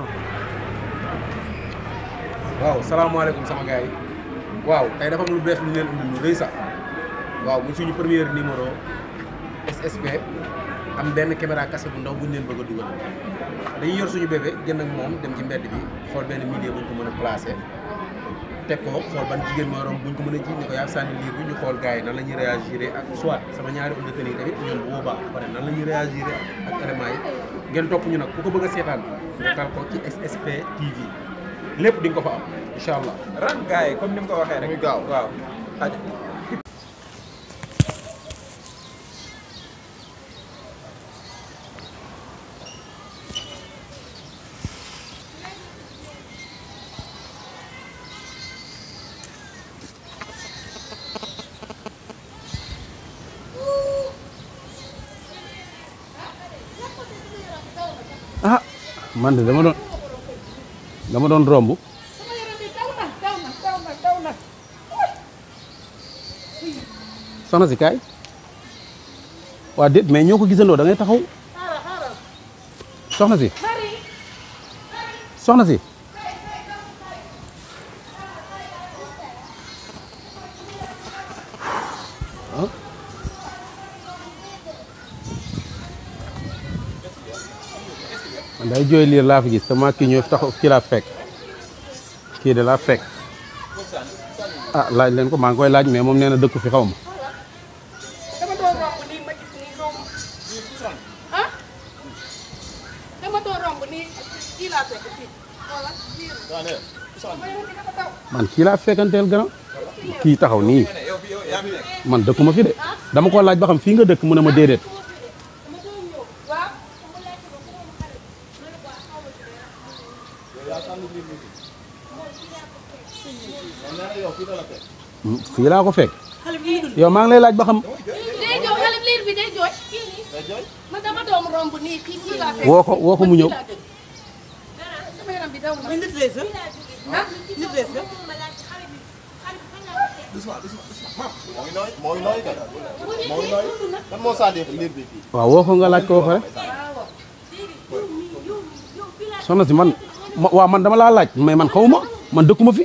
question. waaw salaamaaleykum sama gars waaw tey dafa am lu bees lu ñu leen indil lu rëy sax waaw mu suñu premier numéro SSP am benn caméra cassé bu ndaw bu ñu leen bëgg a dugal dañuy yor suñu bébé génn ak moom dem ci mbedd bi xool benn milieu bu ñu ko mën a placé. teg ko xool ban jigéen mooy buñ ko mën a ji ñu ko yaag sànni liir bi ñu xool gars yi nan la ñuy réagir ak soit sama ñaari auditeurs yi tamit bu boobaa pare nan la ñuy ak éléments yi ngeen topp ñu nag ku ko bëgg a seetaan nga ko ci SSP TV lépp di nga ko fa am incha allah. ran gars yi comme ni mu ko waxee rek. muy gaaw waaw. man de dama doon dama doon romb soxna si kaay waa de mais ñoo ko gisandoo dangay taxaw soxna si soxna si nday jooy liir laa fi gis sama kii taxaw ci laa fekk kii de laa fekk ah, laaj leen ko maa ngi koy laaj mais moom nee na dëkk fi xaw ma man kii laa fekkanteel grand kii taxaw nii man dëkkuma fi de dama ko laaj ba xam fii nga dëkk mu ne ma déedéet fii laa ko fekk. yow maa ngi lay laaj ba xam. woo ko woo ko mu ñëw. Ah? waaw woo nga laaj ko ba pare. soxna si man waaw man dama laa laaj mais man xaw man dëkkuma fi.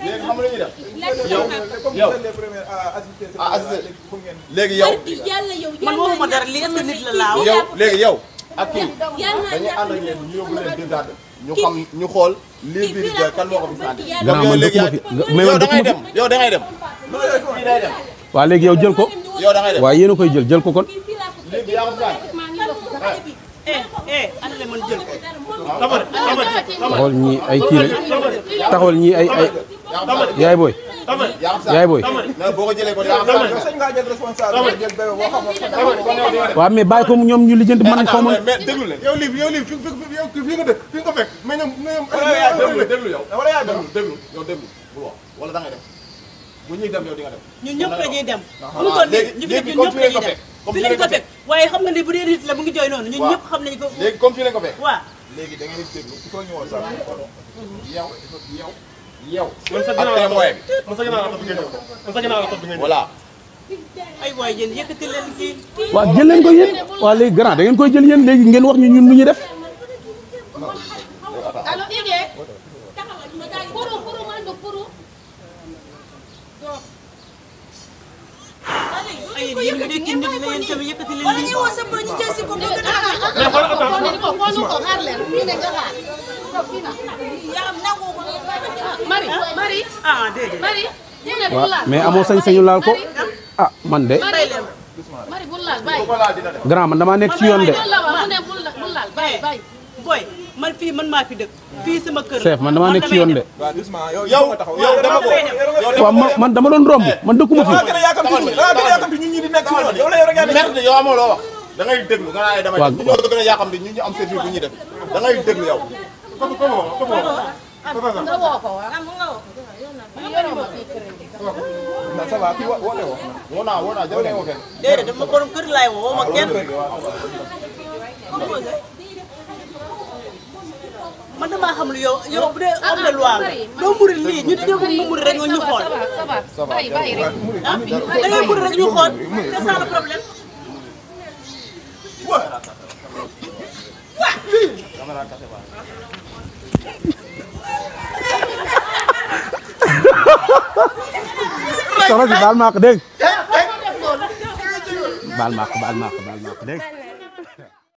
léegi xam la laaw. yow léegi yow ak kii dañuy ànd ak yéen ñu xool lii biir garde kan moo ko fi sànni. gannaaw fi mais yow da ngay dem yow léegi yow jël ko. yow da ngay dem koy jël jël ko kon. léegi yaa ko sànni. Eh, eh, taxawal ay kii lañ taxawal ay. yaay booy. yaay booy. waaw mais bàyyi ko ñoom ñu lijjanti mën nañ xaw ma. déglu leen yow lii yow lii fi nga dëkk fi nga ko fekk mais ñoom ñoom. déglu yow wala yaa déglu déglu yow déglu bul wax wala da ngay dem bu ñuy dem yow di nga dem. ñun ñëpp dañuy dem. bu ah, ko léegi léegi comme fi ko fekk. comme fi ko fekk waaye xam nga ne bu dee nit la bu ngi jooy noonu. ñun ñëpp xam nañ ko. léegi comme fi ko fekk. waaw léegi da ngay déglu ki ko ñëwoon sax yow yow yow ak témoin bi. man sa ginnaaw la topp ngeen man sa ginnaaw la topp ngeen voilà. ay jël leen ko yéen waaw léegi ngeen koy jël yéen léegi ngeen wax ñu ñun lu ñu def. mais xoolal ko Marie Marie ah mais amoo sañ-sañu laal ko ah man de Marie bul laal bàyyi grand man damaa nekk ci yoon de boy man fii man maa fi dëkk fii sama kër chef man damaa nekk ci yoon de yow waaw man dama doon romb man dëkkuma fi yow amoo loo wax da ngay déglu nga naa damay dama gën a yàqam di ñu ñu am service bu ñuy def da yow nga woo ko waaw am nga woo kenn ma kenn man damaa xamul yow yow bu dee homme de loi la doo muri lii ñu dégg mu muri muri rek ñu xool soxna si baal maa ko dégg baal maa ko baal maa ko baal maa ko dégg